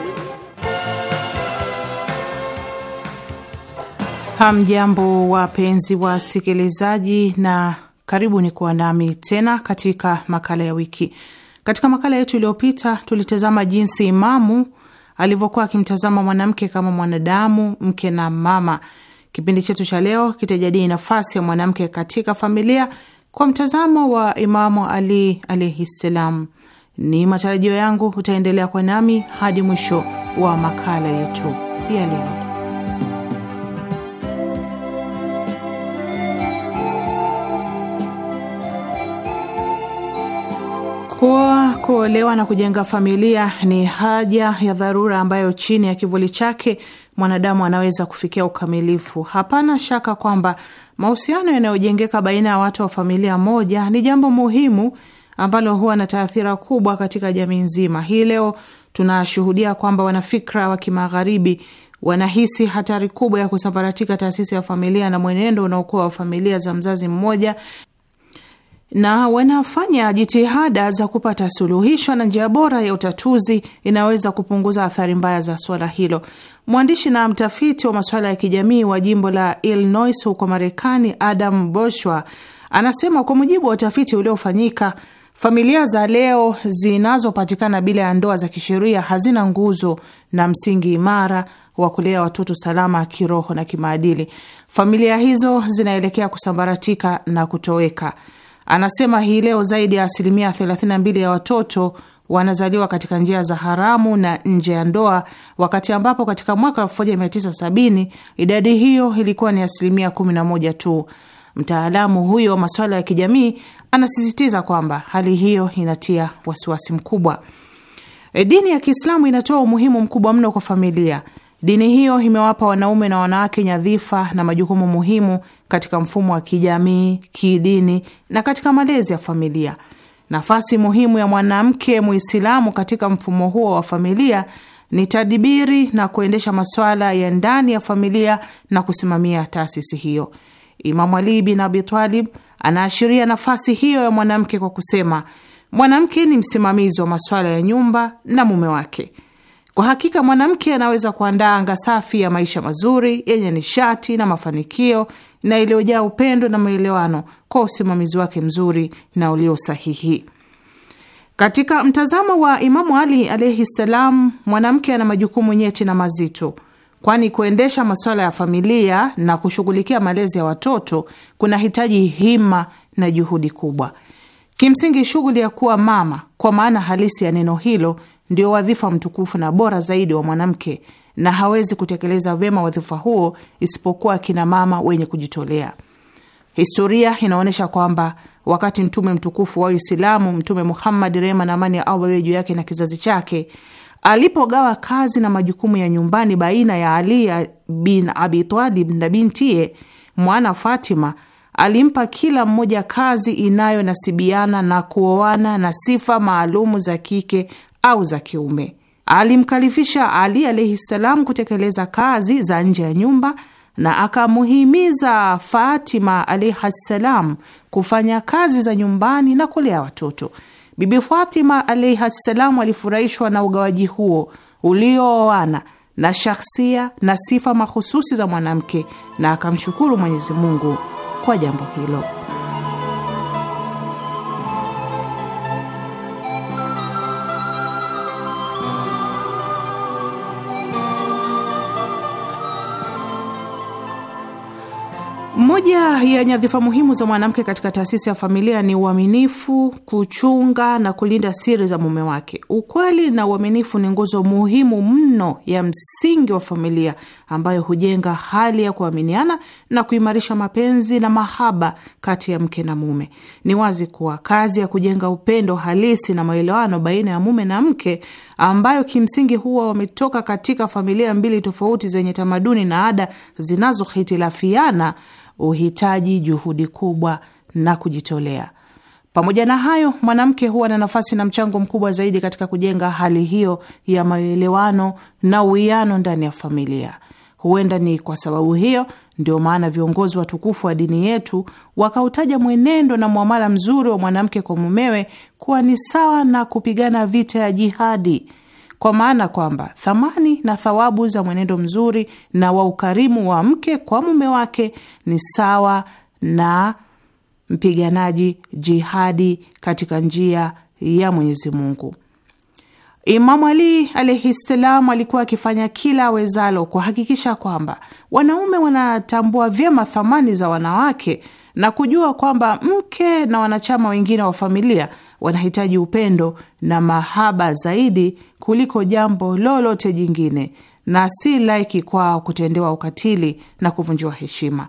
Hamjambo, wapenzi wasikilizaji, na ni kuwa nami tena katika makala ya wiki. Katika makala yetu iliyopita, tulitazama jinsi Imamu alivyokuwa akimtazama mwanamke kama mwanadamu, mke na mama. Kipindi chetu cha leo kitajadili nafasi ya mwanamke katika familia kwa mtazamo wa Imamu Ali alaihi ssalam. Ni matarajio yangu utaendelea kwa nami hadi mwisho wa makala yetu ya leo. Kuoa, kuolewa na kujenga familia ni haja ya dharura ambayo chini ya kivuli chake mwanadamu anaweza kufikia ukamilifu. Hapana shaka kwamba mahusiano yanayojengeka baina ya watu wa familia moja ni jambo muhimu ambalo huwa na taathira kubwa katika jamii nzima. Hii leo tunashuhudia kwamba wanafikra wa kimagharibi wanahisi hatari kubwa ya kusambaratika taasisi ya familia na mwenendo unaokuwa wa familia za mzazi mmoja na wanafanya jitihada za kupata suluhisho na njia bora ya utatuzi inaweza kupunguza athari mbaya za suala hilo. Mwandishi na mtafiti wa masuala ya kijamii wa jimbo la Illinois huko Marekani, Adam Boshwa anasema kwa mujibu wa utafiti uliofanyika Familia za leo zinazopatikana bila ya ndoa za kisheria hazina nguzo na msingi imara wa kulea watoto salama kiroho na kimaadili. Familia hizo zinaelekea kusambaratika na kutoweka. Anasema hii leo zaidi ya asilimia 32 ya watoto wanazaliwa katika njia za haramu na nje ya ndoa, wakati ambapo katika mwaka 1970 idadi hiyo ilikuwa ni asilimia 11 tu. Mtaalamu huyo wa masuala ya kijamii Anasisitiza kwamba hali hiyo inatia wasiwasi mkubwa. E, dini ya Kiislamu inatoa umuhimu mkubwa mno kwa familia. Dini hiyo imewapa wanaume na wanawake nyadhifa na majukumu muhimu katika mfumo wa kijamii, kidini na katika malezi ya familia. Nafasi muhimu ya mwanamke Muislamu katika mfumo huo wa familia ni tadibiri na kuendesha masuala ya ndani ya familia na kusimamia taasisi hiyo. Imamu Ali bin Abi Talib anaashiria nafasi hiyo ya mwanamke kwa kusema, mwanamke ni msimamizi wa masuala ya nyumba na mume wake. Kwa hakika mwanamke anaweza kuandaa anga safi ya maisha mazuri yenye nishati na mafanikio na iliyojaa upendo na maelewano kwa usimamizi wake mzuri na ulio sahihi. Katika mtazamo wa Imamu Ali alaihi ssalam, mwanamke ana majukumu nyeti na mazito kwani kuendesha masuala ya familia na kushughulikia malezi ya watoto kunahitaji hima na juhudi kubwa. Kimsingi, shughuli ya kuwa mama kwa maana halisi ya neno hilo ndio wadhifa mtukufu na bora zaidi wa mwanamke, na hawezi kutekeleza vyema wadhifa huo isipokuwa akina mama wenye kujitolea. Historia inaonyesha kwamba wakati mtume mtukufu wa Uislamu, Mtume Muhammad, rehma na amani ya Allah iwe juu yake na kizazi chake Alipogawa kazi na majukumu ya nyumbani baina ya Ali bin Abi Talib na bintiye mwana Fatima, alimpa kila mmoja kazi inayonasibiana na kuoana na sifa maalumu za kike au za kiume. Alimkalifisha Ali alaihi ssalam kutekeleza kazi za nje ya nyumba na akamuhimiza Fatima alaihi ssalam kufanya kazi za nyumbani na kulea watoto. Bibi Fatima alaihi ssalam alifurahishwa na ugawaji huo uliooana na shakhsia na sifa mahususi za mwanamke na akamshukuru Mwenyezi Mungu kwa jambo hilo. Moja ya nyadhifa muhimu za mwanamke katika taasisi ya familia ni uaminifu, kuchunga na kulinda siri za mume wake. Ukweli na uaminifu ni nguzo muhimu mno ya msingi wa familia ambayo hujenga hali ya kuaminiana na kuimarisha mapenzi na mahaba kati ya mke na mume. Ni wazi kuwa kazi ya kujenga upendo halisi na maelewano baina ya mume na mke, ambayo kimsingi huwa wametoka katika familia mbili tofauti zenye tamaduni na ada zinazohitilafiana uhitaji juhudi kubwa na kujitolea. Pamoja na hayo, mwanamke huwa na nafasi na mchango mkubwa zaidi katika kujenga hali hiyo ya maelewano na uwiano ndani ya familia. Huenda ni kwa sababu hiyo ndio maana viongozi watukufu wa dini yetu wakautaja mwenendo na mwamala mzuri wa mwanamke kwa mumewe kuwa ni sawa na kupigana vita ya jihadi kwa maana kwamba thamani na thawabu za mwenendo mzuri na wa ukarimu wa mke kwa mume wake ni sawa na mpiganaji jihadi katika njia ya Mwenyezi Mungu. Imamu Ali alaihi ssalam alikuwa akifanya kila awezalo kuhakikisha kwamba wanaume wanatambua vyema thamani za wanawake na kujua kwamba mke na wanachama wengine wa familia wanahitaji upendo na mahaba zaidi kuliko jambo lolote jingine, na si laiki kwao kutendewa ukatili na kuvunjiwa heshima.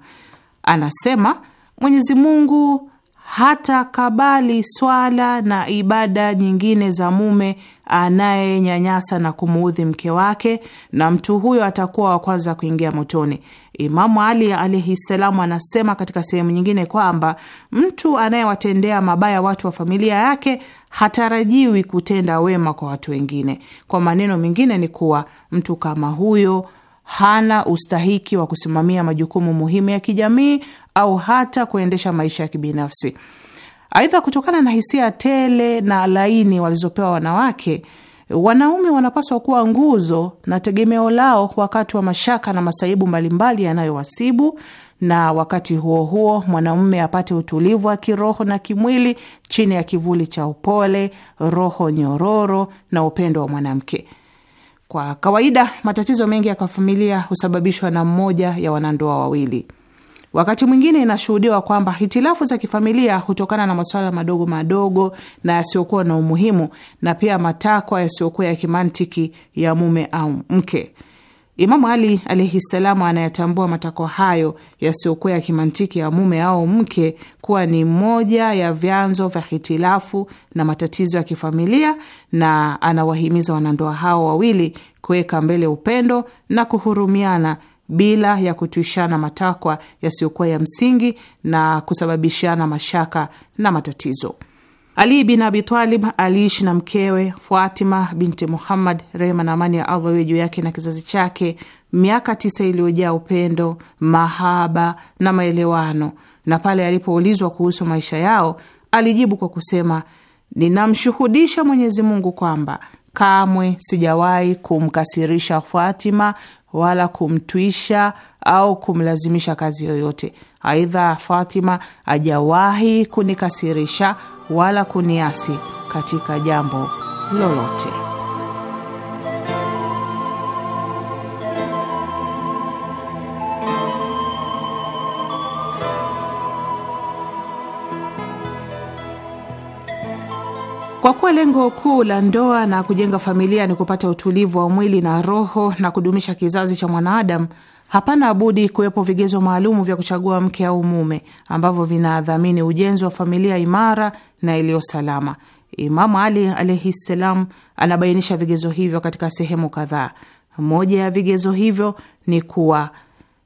Anasema Mwenyezi Mungu hata kabali swala na ibada nyingine za mume anayenyanyasa na kumuudhi mke wake, na mtu huyo atakuwa wa kwanza kuingia motoni. Imamu Ali alaihi salamu anasema katika sehemu nyingine kwamba mtu anayewatendea mabaya watu wa familia yake hatarajiwi kutenda wema kwa watu wengine. Kwa maneno mengine, ni kuwa mtu kama huyo hana ustahiki wa kusimamia majukumu muhimu ya kijamii au hata kuendesha maisha ya kibinafsi. Aidha, kutokana na hisia tele na laini walizopewa wanawake, wanaume wanapaswa kuwa nguzo na tegemeo lao wakati wa mashaka na masaibu mbalimbali yanayowasibu na wakati huo huo mwanamume apate utulivu wa kiroho na kimwili chini ya kivuli cha upole, roho nyororo na upendo wa mwanamke. Kwa kawaida matatizo mengi ya kifamilia husababishwa na mmoja ya wanandoa wawili. Wakati mwingine inashuhudiwa kwamba hitilafu za kifamilia hutokana na masuala madogo madogo na yasiyokuwa na umuhimu na pia matakwa yasiyokuwa ya kimantiki ya mume au mke. Imamu Ali alaihi salamu anayatambua matakwa hayo yasiyokuwa ya kimantiki ya mume au mke kuwa ni moja ya vyanzo vya hitilafu na matatizo ya kifamilia, na anawahimiza wanandoa hao wawili kuweka mbele upendo na kuhurumiana bila ya kutuishana matakwa yasiyokuwa ya msingi na kusababishana mashaka na matatizo. Ali bin Abi Talib aliishi na mkewe Fatima binti Muhammad, rehma na amani ya Allah iwe juu yake na kizazi chake, miaka tisa iliyojaa upendo, mahaba na maelewano. Na pale alipoulizwa kuhusu maisha yao alijibu kwa kusema, ninamshuhudisha Mwenyezi Mungu kwamba kamwe sijawahi kumkasirisha Fatima wala kumtwisha au kumlazimisha kazi yoyote. Aidha, Fatima hajawahi kunikasirisha wala kuniasi katika jambo lolote. Kwa kuwa lengo kuu la ndoa na kujenga familia ni kupata utulivu wa mwili na roho na kudumisha kizazi cha mwanaadamu, hapana budi kuwepo vigezo maalumu vya kuchagua mke au mume ambavyo vinadhamini ujenzi wa familia imara na iliyo salama. Imamu Ali alaihi ssalam anabainisha vigezo hivyo katika sehemu kadhaa. Moja ya vigezo hivyo ni kuwa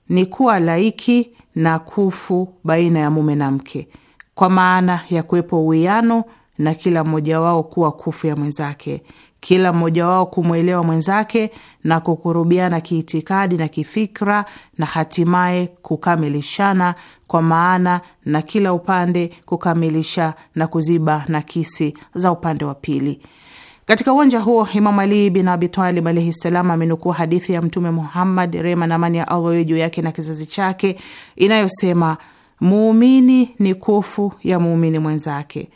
ni kuwa laiki na kufu baina ya mume na mke, kwa maana ya kuwepo uwiano na kila mmoja wao kuwa kufu ya mwenzake, kila mmoja wao kumwelewa mwenzake na kukurubiana kiitikadi na kifikra, na hatimaye kukamilishana kwa maana na kila upande kukamilisha na kuziba nakisi za upande wa pili. Katika uwanja huo Imamu Ali bin Abitalib alaihi ssalam amenukua hadithi ya Mtume Muhammad, rehma na amani ya Allah iwe juu yake na kizazi chake, inayosema muumini ni kufu ya muumini mwenzake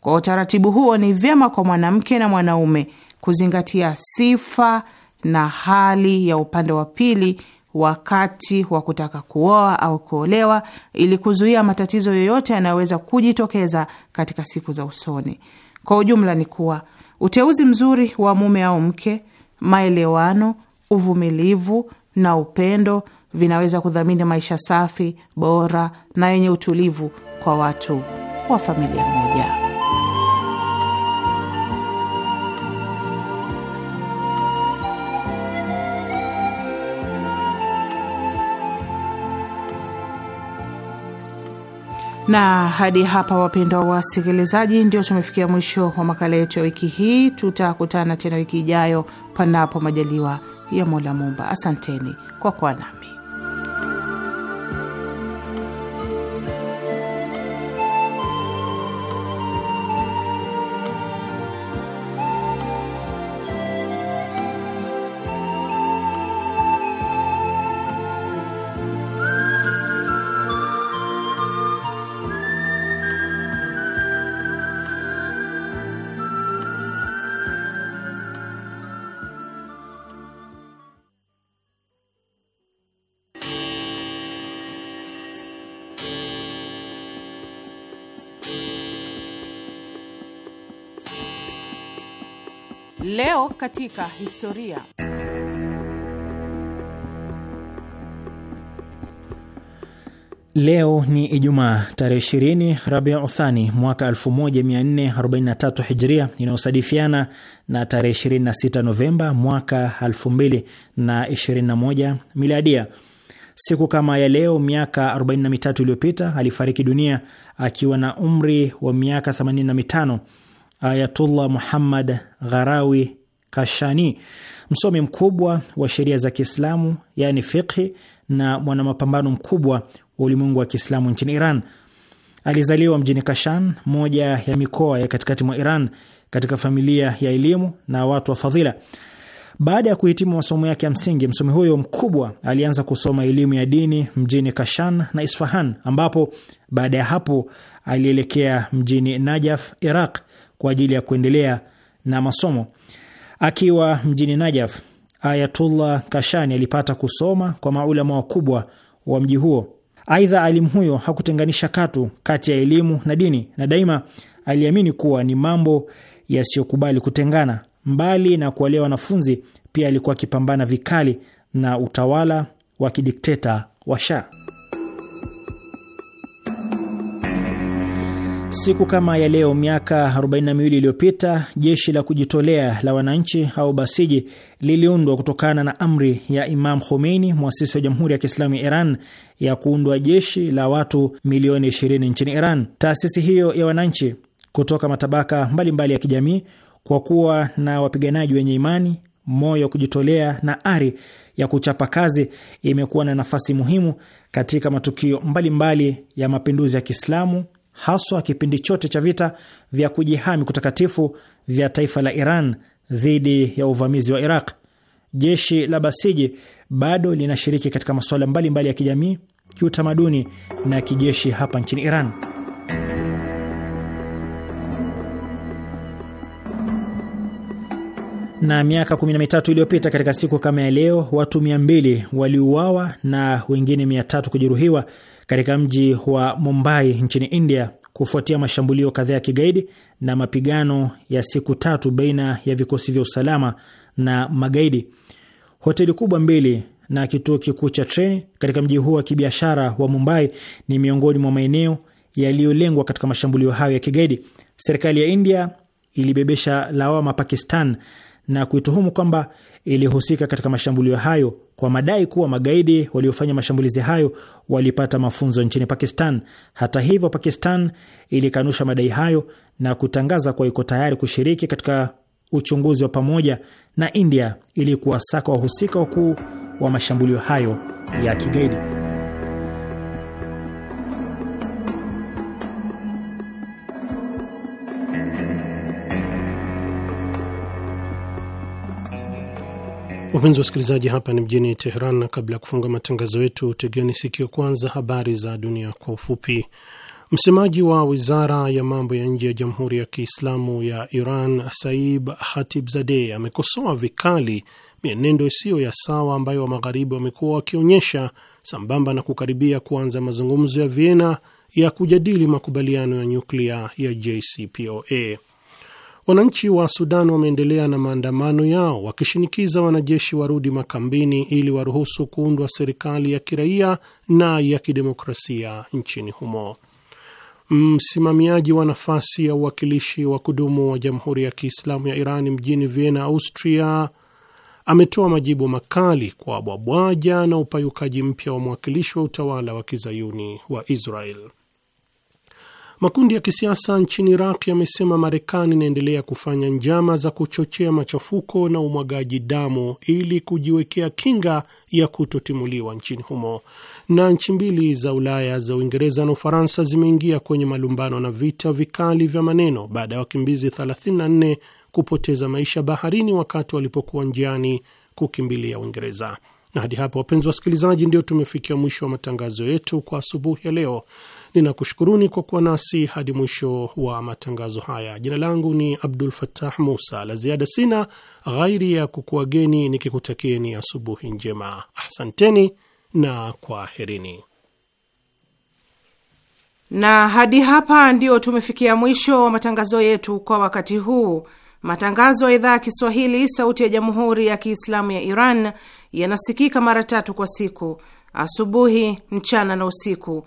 kwa utaratibu huo, ni vyema kwa mwanamke na mwanaume kuzingatia sifa na hali ya upande wa pili wakati wa kutaka kuoa au kuolewa ili kuzuia matatizo yoyote yanayoweza kujitokeza katika siku za usoni. Kwa ujumla ni kuwa uteuzi mzuri wa mume au mke, maelewano, uvumilivu na upendo vinaweza kudhamini maisha safi, bora na yenye utulivu kwa watu wa familia moja. Na hadi hapa, wapendwa wasikilizaji, ndio tumefikia mwisho wa makala yetu ya wiki hii. Tutakutana tena wiki ijayo, panapo majaliwa ya Mola Mumba. Asanteni kwa kwana Leo katika historia. Leo ni Ijumaa tarehe 20 Rabia Uthani mwaka 1443 Hijria, inayosadifiana na tarehe 26 Novemba mwaka 2021 Miladia. Siku kama ya leo miaka 43 iliyopita alifariki dunia akiwa na umri wa miaka 85 Ayatullah Muhammad Gharawi Kashani, msomi mkubwa wa sheria za Kiislamu yani fiqhi na mwanamapambano mkubwa wa ulimwengu wa Kiislamu nchini Iran. Alizaliwa mjini Kashan, moja ya mikoa ya katikati mwa Iran, katika familia ya elimu na watu wa fadhila. Baada ya kuhitimu masomo yake ya msingi, msomi huyo mkubwa alianza kusoma elimu ya dini mjini Kashan na Isfahan, ambapo baada ya hapo alielekea mjini Najaf, Iraq, kwa ajili ya kuendelea na masomo. Akiwa mjini Najaf, Ayatullah Kashani alipata kusoma kwa maulama wakubwa wa mji huo. Aidha, alimu huyo hakutenganisha katu kati ya elimu na dini, na daima aliamini kuwa ni mambo yasiyokubali kutengana. Mbali na kuwalea wanafunzi, pia alikuwa akipambana vikali na utawala wa kidikteta wa Shah. Siku kama ya leo miaka 42 iliyopita jeshi la kujitolea la wananchi au Basiji liliundwa kutokana na amri ya Imam Khomeini, mwasisi wa Jamhuri ya Kiislamu ya Iran, ya kuundwa jeshi la watu milioni 20 nchini Iran. Taasisi hiyo ya wananchi kutoka matabaka mbalimbali mbali ya kijamii, kwa kuwa na wapiganaji wenye imani, moyo wa kujitolea na ari ya kuchapa kazi, imekuwa na nafasi muhimu katika matukio mbalimbali mbali ya mapinduzi ya Kiislamu haswa kipindi chote cha vita vya kujihami kutakatifu vya taifa la Iran dhidi ya uvamizi wa Iraq. Jeshi la Basiji bado linashiriki katika masuala mbalimbali ya kijamii, kiutamaduni na kijeshi hapa nchini Iran. Na miaka 13 iliyopita katika siku kama ya leo, watu 200 waliuawa na wengine 300 kujeruhiwa katika mji wa Mumbai nchini India kufuatia mashambulio kadhaa ya kigaidi na mapigano ya siku tatu baina ya vikosi vya usalama na magaidi. Hoteli kubwa mbili na kituo kikuu cha treni katika mji huo wa kibiashara wa Mumbai ni miongoni mwa maeneo yaliyolengwa katika mashambulio hayo ya kigaidi. Serikali ya India ilibebesha lawama Pakistan na kuituhumu kwamba ilihusika katika mashambulio hayo kwa madai kuwa magaidi waliofanya mashambulizi hayo walipata mafunzo nchini Pakistan. Hata hivyo, Pakistan ilikanusha madai hayo na kutangaza kuwa iko tayari kushiriki katika uchunguzi wa pamoja na India ili kuwasaka wahusika wakuu wa mashambulio hayo ya kigaidi. Wapenzi wasikilizaji, hapa ni mjini Teheran, na kabla ya kufunga matangazo yetu, tegeni sikio kwanza habari za dunia kwa ufupi. Msemaji wa wizara ya mambo ya nje ya Jamhuri ya Kiislamu ya Iran, Saib Hatibzadeh, amekosoa vikali mienendo isiyo ya sawa ambayo wa Magharibi wamekuwa wakionyesha sambamba na kukaribia kuanza mazungumzo ya Vienna ya kujadili makubaliano ya nyuklia ya JCPOA. Wananchi wa Sudan wameendelea na maandamano yao wakishinikiza wanajeshi warudi makambini ili waruhusu kuundwa serikali ya kiraia na ya kidemokrasia nchini humo. Msimamiaji wa nafasi ya uwakilishi wa kudumu wa Jamhuri ya Kiislamu ya Iran mjini Vienna, Austria, ametoa majibu makali kwa bwabwaja na upayukaji mpya wa mwakilishi wa utawala wa kizayuni wa Israel. Makundi ya kisiasa nchini Iraq yamesema Marekani inaendelea kufanya njama za kuchochea machafuko na umwagaji damu ili kujiwekea kinga ya kutotimuliwa nchini humo. Na nchi mbili za Ulaya za Uingereza na Ufaransa zimeingia kwenye malumbano na vita vikali vya maneno baada ya wakimbizi 34 kupoteza maisha baharini wakati walipokuwa njiani kukimbilia Uingereza. Na hadi hapo, wapenzi wasikilizaji, ndio tumefikia mwisho wa matangazo yetu kwa asubuhi ya leo. Ninakushukuruni kwa kuwa nasi hadi mwisho wa matangazo haya. Jina langu ni Abdul Fattah Musa. La ziada sina ghairi ya kukuageni nikikutakieni asubuhi njema. Asanteni na kwaherini. Na hadi hapa ndio tumefikia mwisho wa matangazo yetu kwa wakati huu. Matangazo ya idhaa ya Kiswahili sauti ya jamhuri ya Kiislamu ya Iran yanasikika mara tatu kwa siku: asubuhi, mchana na usiku